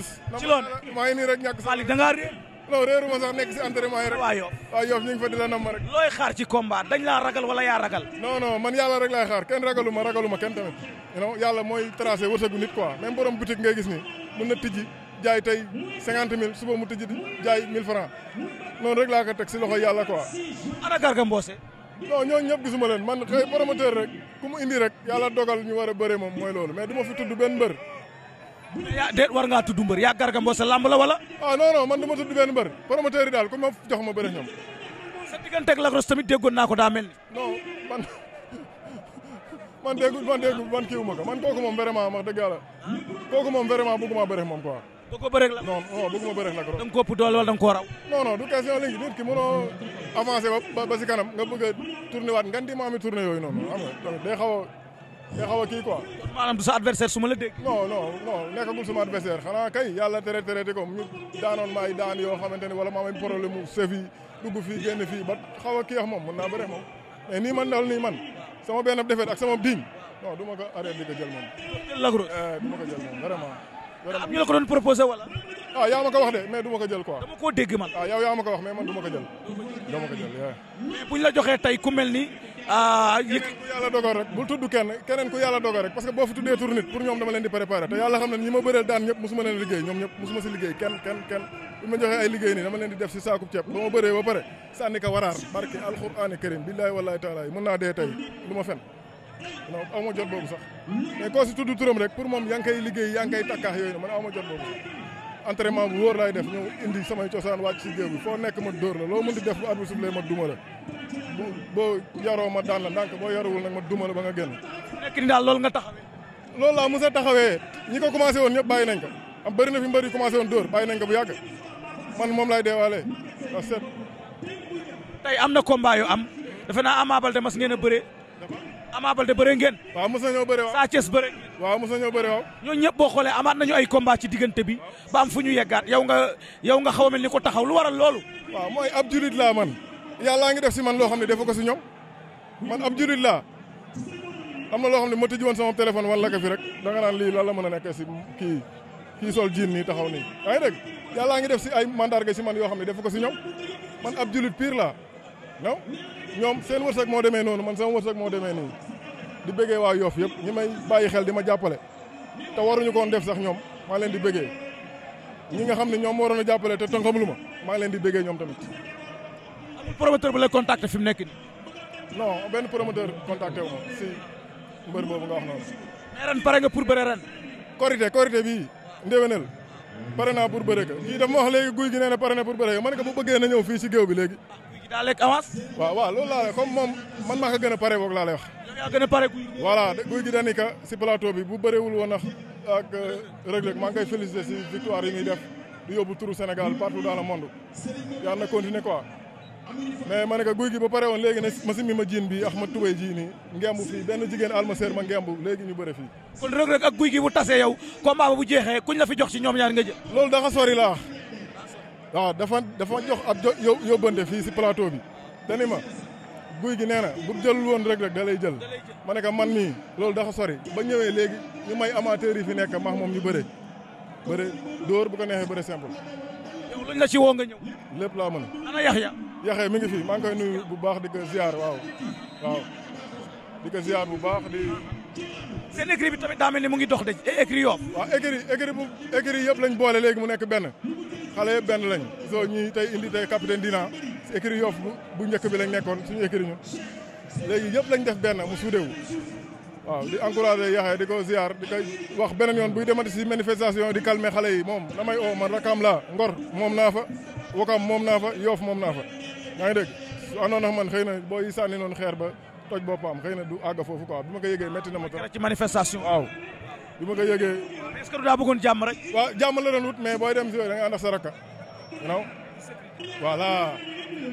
Zoss. ci loon maa ngi nii rek ñàkk ma sax nekk si entraînement yi rek. waaw yow waaw yow ñu ngi fa di la namm looy xaar ci combat dañ laa ragal wala yaa ragal. non man yàlla rek laay xaar kenn ragaluma ragaluma kenn tamit. non yàlla mooy tracé wërsëgu nit quoi même borom boutique ngay ni mën na tijji jaay tey cinquante mille suba mu tijji jaay mille francs noonu rek laa ko teg loxo yàlla quoi. ana Garga Mbossé. non ñooñu ñëpp gisuma leen man xëy promoteur rek ku indi rek yàlla dogal ñu war a bëre moom mooy loolu mais yaa déet war ngaa tudd mbër yaa Garga Mbossé lamb la wala. ah non non man du ma tudd benn mbër promoteur yi daal ku ma jox ma bëri ñoom. sa digganteeg Lac Rose tamit déggoon naa ko daa mel ni. man man man déggul man kiiwu ma ko man kooku moom vraiment wax dëgg yàlla kooku moom vraiment bëgguma bëri moom quoi. bëggoo bëri la non non bëgguma bëri Lac Rose. da nga koo ëpp doole wala da nga koo raw. du question léegi ba ba kanam nga bëgg a waat ngan di ma ami yooyu noonu xam nga day day xaw a kii quoi. kon maanaam du sa adversaire su ma la dégg. non non non nekkagul sama adversaire xanaa kay yàlla tere tere di ko ñu daanoon maay daan yoo xamante ne maa may problème mu dugg fii génn fii ba xaw a kii wax moom mën naa bëre moom mais nii man daal nii man sama benn defet ak sama diñ non du ma ko arrêté di ko jël moom. jël eh, ma ko am ñu la ko doon proposé wala. Ah, yaa ma ko wax de mais du ma ko jël quoi. dégg man. ah yaa ma ko wax mais ah yëg ku yàlla dogal rek bul tudd kenn keneen ku yàlla dogal rek parce que boo fi tuddee tur nit pour ñoom ma bëreel daan ñëpp musuma leen liggéey ay liggéey naa dee tey lu ma fen non jot boobu sax mais koo si tudd turam rek pour moom yaa ngi koy liggéey yaa ngi koy takkaax yooyu man aw jot boobu entraînement bu wóor laay def ñëw indi samay cosaan wàcc si géew foo nekk ma dóor la loo mën di def bu arbitre sifflé ma duma boo yaroo ma daan la ndànk boo yaruwul nag ma dumala ba nga génn. nekk lool daal loolu nga taxawee. loolu laa mos a taxawee ñi ko commencé woon ñëpp bàyyi nañ ko am bëri na fi mbër yu commencé woon dóor bàyyi nañ ko bu yàgg man moom laay deewaalee wax set. tey am na combat am defe naa Ama Baldé mas ngeen a bëree Ama Baldé bëree ngeen. waaw mos na ñoo bëree waaw Sa Thiès bëree ngeen. waaw ñëpp boo xoolee amaat nañu ay combat ci diggante bi ba am fu ñu yeggaat yow nga yow nga xaw a mel ni ko taxaw lu waral loolu. waa mooy ab julit laa man yàllaa ngi def si man loo xam ne defu ko si ñoom man ab julit laa am na loo xam ne ma tëjji woon sama téléphone wala ka fi rek da nga naan lii lan la mën a nekk si kii sol jiin nii taxaw nii yaa rek dégg laa ngi def si ay mandarga si man yoo xam ne defu ko si ñoom man ab julit pire laa non ñoom seen wërsëg moo demee noonu man sama wërsëg moo demee nii di bëggee waa yoof yëpp ñi may bàyyi xel di ma jàppale te waruñu koon def sax ñoom maa leen di bëggee ñi nga xam ne ñoom waroon a jàppale te tënkam lu ma maa leen di bëggee ñoom tamit. amul promoteur bu lay contacter fi mu nekk nii. non benn promoteur contacté wu ma si mbër boobu nga wax noonu. mais ren pare nga pour bëre ren. korité korité bii ndéwénal pare naa pour bëre ka kii léegi guy gi nee pare na pour bëre ka man ka ñëw fii si géew bi léegi. gi daa waaw waaw loolu laa lay moom man maa ko gën a pare boog laa lay wax. yow yaa gën a pare guy bi bu bëreewul woon ak euh, Reug Reug maa ngi koy félicité si victoire yi muy def di yóbbu turu Sénégal partout dans le monde yàlla na continuer quoi. mais ma ne ko guy gi ba pare woon léegi ne ma simmi ma jiin bi ak ma tubay ji nii ngemb fii benn jigéen almaseer ma ngemb léegi ñu bëre fii. kon Reug Reug ak guy gi bu tasee yow combat bu jeexee kuñ la fi jox ci ñoom ñaar nga jël. loolu dafa sori laa waaw dafa dafa jox ab jo yóbbante fii si plateau bi dani ma guy gi nee bu jëlul woon rek rek da lay jël ma ne ko man mii loolu dafa sori ba ñëwee léegi ñu may amateur yi fi nekk max moom ñu bëre bëre dóor bu ko neexee bëre simple. yow luñ la ci nga ñëw. lépp laa mën. ana Yaxya. Yaxya mi ngi fi maa koy nuyu bu baax di ko ziar waaw waaw di ko ziar bu baax di. seen écrit bi tamit daa mel ni mu ngi dox de e yoo. waaw écrit écrit bu écrit yëpp lañ boole léegi mu nekk benn. xale yëpp benn lañ soo ñuy tey indi tey capitaine Dina si écurie Yoff bu njëkk bi lañ nekkoon suñu écurie ñu léegi yëpp lañ def benn mu suudewu waaw di encouragé Yaxya di ko ziar di koy wax beneen yoon buy demati si manifestation di calmer xale yi moom damay oo man rakam laa Ngor moom naa fa Wakam moom naa fa Yoff moom naa fa yaa ngi dégg su àndoon nag man xëy na boo yi sànni xeer ba toj boppam xëy na du àgg foofu quoi bi ma ko yëgee métti na ma trop. ci manifestation waaw est-ce que du daa bëggoon jàmm rek. waaw jàmm la doon wut mais booy dem si yooyu da nga ànd ak sa rakka. non voilà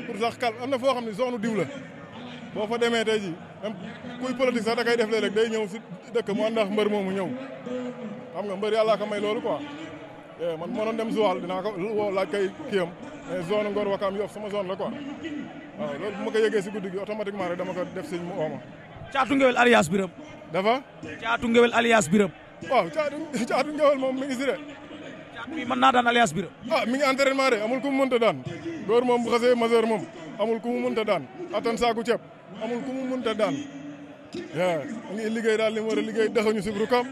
pour sax kal am na foo xam ne soxnu diw la boo fa demee tey ji kuy politique sax da kay def léeg day ñëw si dëkk mu ànd ak mbër moomu ñëw. xam nga mbër yàlla ka may loolu ko eh, man mënoon dem Joal dinaa ko woo laaj kay kiyam mais eh, zone Ngor Wakaam Yoff sama zone la ko waaw loolu bu ma ko yëgee si guddi gi automatiquement rek dama ko def sëñ mu ooma. caatu ngewel alias Birame. dafa. waaw caatu caatu ngewel moom mi ngi si de. caatu bi naa daan alliance bi a ah, mi ngi entraînement de amul ku mu mënta daan door moom bu xasee majeur moom amul ku mu mënta daan attan saaku ceeb amul ku mu mënta daan. waaw mu ngi liggéey daal li war a liggéey dexuñu si kam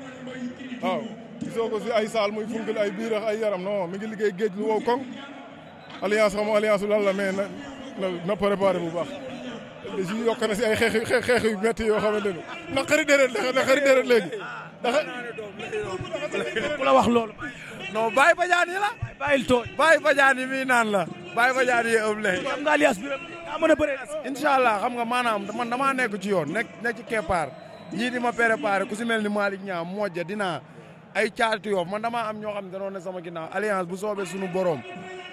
waaw gisoo si ay saal muy funkil ay biir ay yaram non mi ngi liggéey géej lu wow koŋ alliance xam alliance lan la mais na na préparé bu baax. da si yokk na si ay xeex xeex yu yoo xamante ni naqari déret naqari ku la wax loolu. non Baye Badiane yi la. bàyyil tooñ Baye Badiane naan la. Baye Badiane yi ëpp lay. xam nga alias bi daa mën a bëre. allah xam nga maanaam man damaa nekk ci yoon nekk nekk ci keppaar ñii di ma préparé ku si mel ni Malick Niang Modja dinaa ay caatu yoof man damaa am ñoo xam ne danoon ne sama ginnaaw alliance bu soobee sunu borom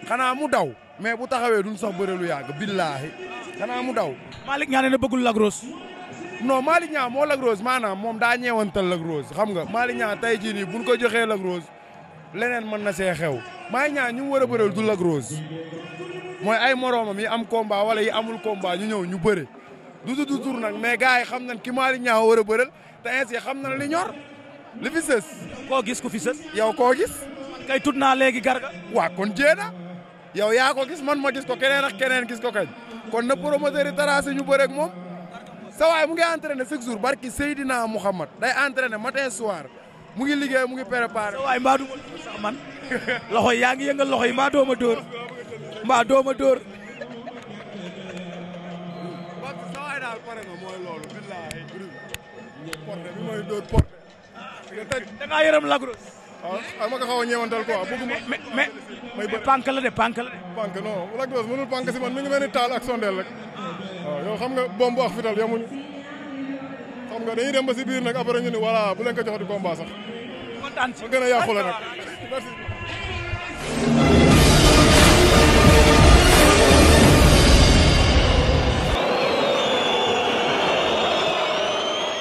xanaa mu daw mais bu taxawee duñ sax bëre lu yàgg billaahi xanaa mu daw. Malick Niang ne bëggul Lac noo Malick Niang moo Lac Rose maanaam moom daa ñeewantal Lac Rose xam nga Malick Niang tey jii nii buñ ko joxee Lac Rose leneen mën na see xew Malick Niang ñu mu a bëreel du Lac Rose mooy ay moroomam yi am combat wala yi amul combat ñu ñëw ñu bëre du du du tur nag mais gars yi xam nañ ki Malick Niang war a bëreel te ainsi xam nañ li ñor li fi sës. koo gis ku fi sës. yow koo gis. kay tudd naa léegi garga. waa kon jéena yow yaa ko gis man ma gis ko keneen ak keneen gis ko kañ kon na promoteur yi tarase sa waay mu ngi entraîné chaque jour na Seydina Mouhamad day entraîné matin soir mu ngi liggéey mu ngi préparé. sa waay loxo yaa ngi yëngal loxo yi mbaa dooma dóor mbaa dooma dóor. sa waay daal pare nga mooy loolu billaahi porte bi a ñeewantal quoi man mi ngi mel ni taal ak sondeel yow xam nga bomb ak fital yamuñu xam nga dañuy dem ba si biir nag après ñu ne voilà bu leen ko joxati combat sax. kontaan si gën a yàqu la nag